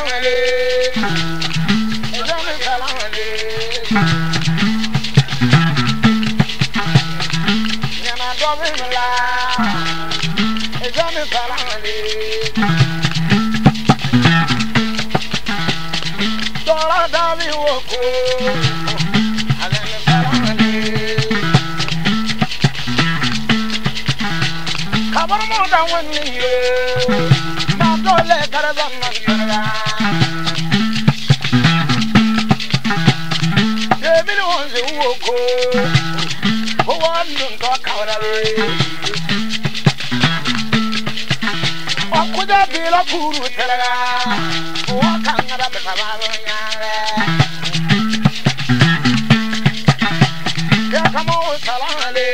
salam aleyk. ẹjọ́ mi salam aleyk. yàrá dọ́ mi mi la. ẹjọ́ mi salam aleyk. tọ́lá dá mi wò kó. kabar mo da wani yo na dole kar zaman gara owandu ntokawulalo okuja bila kurutelaga wakangada besabalonyare yakamo salamale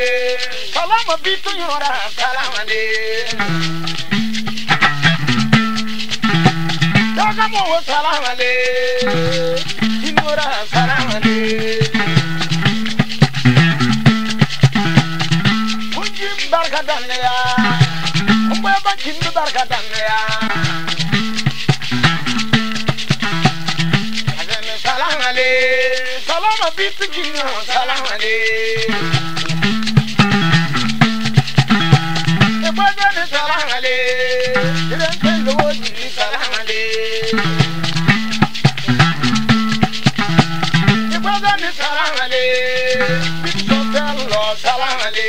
salama bituyora salamale yakamo salamale inora salamale barka danne ya kumbe ban kindu barka danne ya azan salam ale salam bit kindu salam ale ebadane salam ale diren pendo ni salam ale ebadane salam ale bit so bello salam ale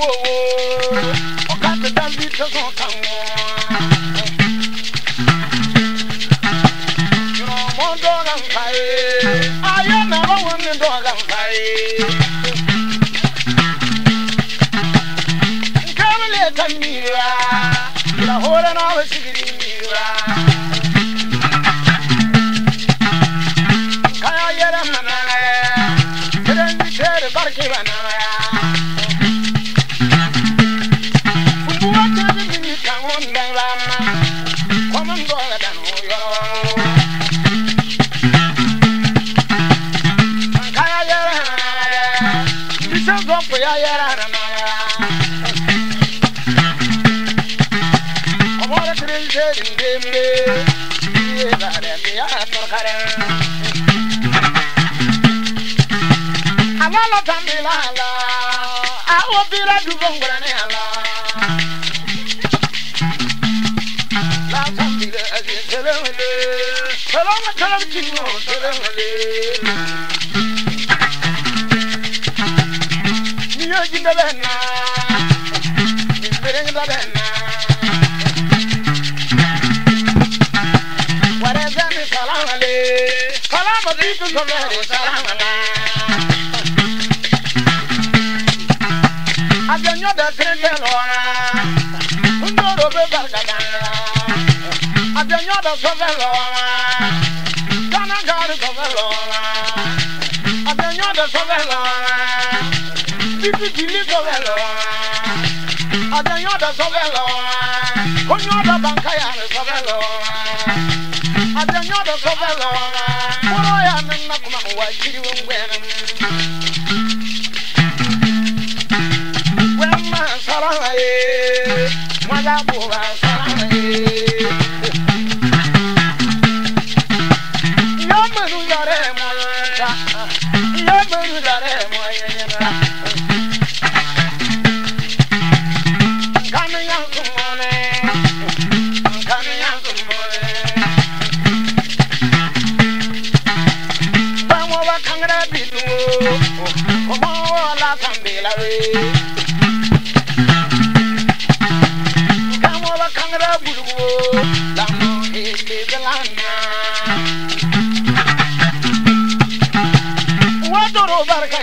oh Ọ̀gá ti dá bí tẹ̀sán kan wọ́n. Amala tambila ala, awo bila dubongora ne ala. La tambila azin selewele, Banca ya, so bello. Adenyo de so bello. Moro ya na my wa jiri wengwena gwemma sarala ye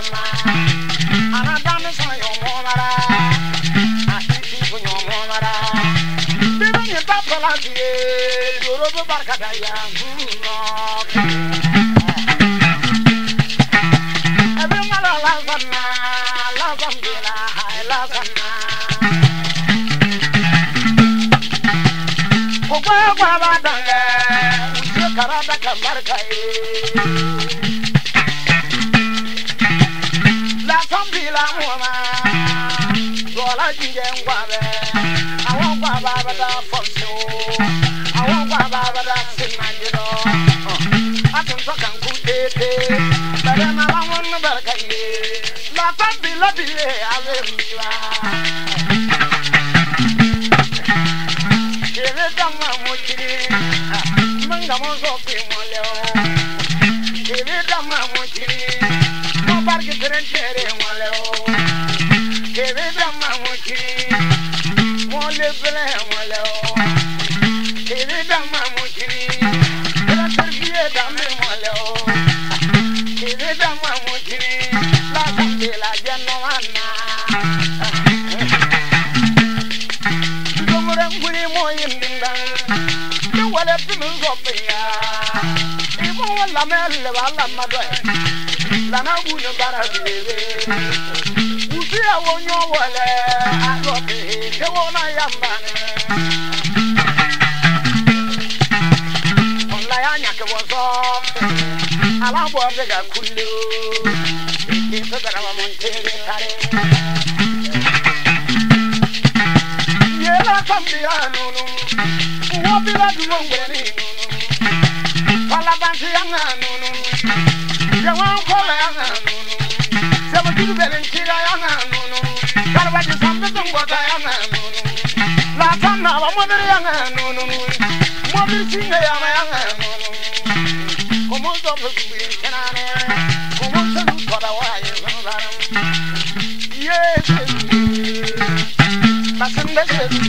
Kara da kamar kai la muma Zola jinje ngwabe Awon kwa baba da fonso Awon kwa baba da simanjiro Atun tokan kutete Bere malawan barkaye La tabi la biye ale mila Kere dama mutiri Menga mozo le bɛlɛ wala o kiri dama mutiri kɛlɛtɛrifiye dame wala o dama mutiri lakunle lajɛ nɔma na. Domore nkuli mo yi ndinda, ne wale pimi nkɔ pinya, ibu wo lamɛ leba lama dɔ ye, lana bu ne baara bilen, wusu ya wo nyɔ wɔlɛ, a lɔ Chewo na yambane Onlaya nyake wazom Alambo abega kulu Iti sodara wa montere kare Yela kambia nunu Uwabila duwongweni nunu Palabansi yanga nunu Chewa nkole yanga nunu Chewa kibibele nkira yanga Commander Yanga, no, no, no. Mother Singer Yanga, no, no. Commons of the Queen, can I? Commons of the Padawai, yes. That's in the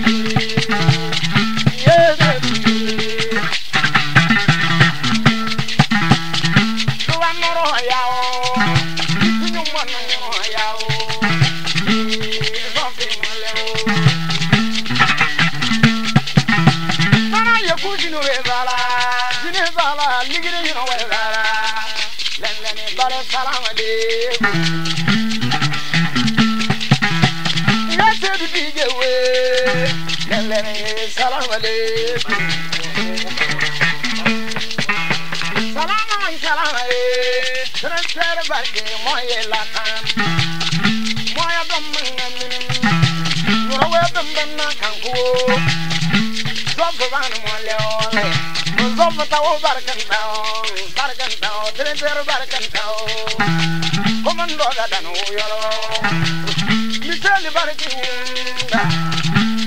salaam aleykum. yaa seydu diige wee lelene ye salaam aleykum. salaam ay salaam ye transfert barke mooye lakan mooya dɔmba ŋa mini yɔrɔ wɛrɛ dɔmba na kan ko zɔn fo baa ni mɔlɛ wɔlɛ. కొమ్మతావు బరకంటావు బరకంటావు తిరిగారు బరకంటావు కొమ్మండోగలను మిసేలి బరకి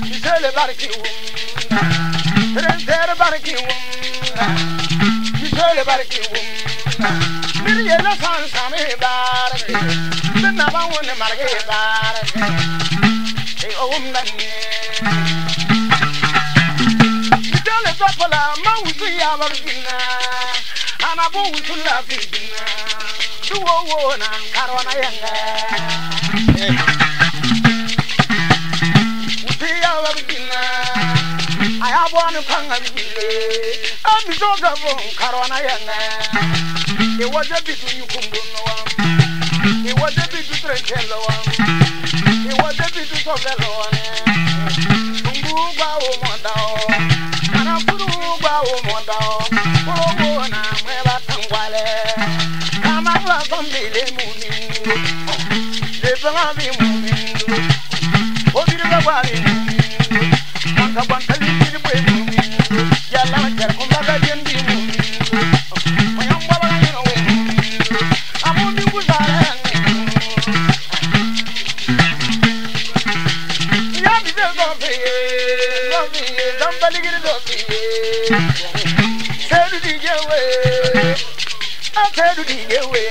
మిసేలి బరకి తిరిగారు బరకి మిసేలి బరకి మీరు ఎలా సాను సామే బారకి తిన్నవా ఉన్న మరగే బారకి ఓం నన్నే Tell it up for la babina ana bu tulla bidina duwo wona karwana yanga utiya babina aya bwanu kanga bidile abizoga bo karwana yanga iwaje bidu yukumbuno wa iwaje bidu trenkelo wa iwaje bidu sogelo wa ne tungu ba o umudo Kurobo na mwela tangwale Kama kwa baligir domiye seru dijewe seru dijewe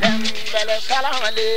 lembele salamale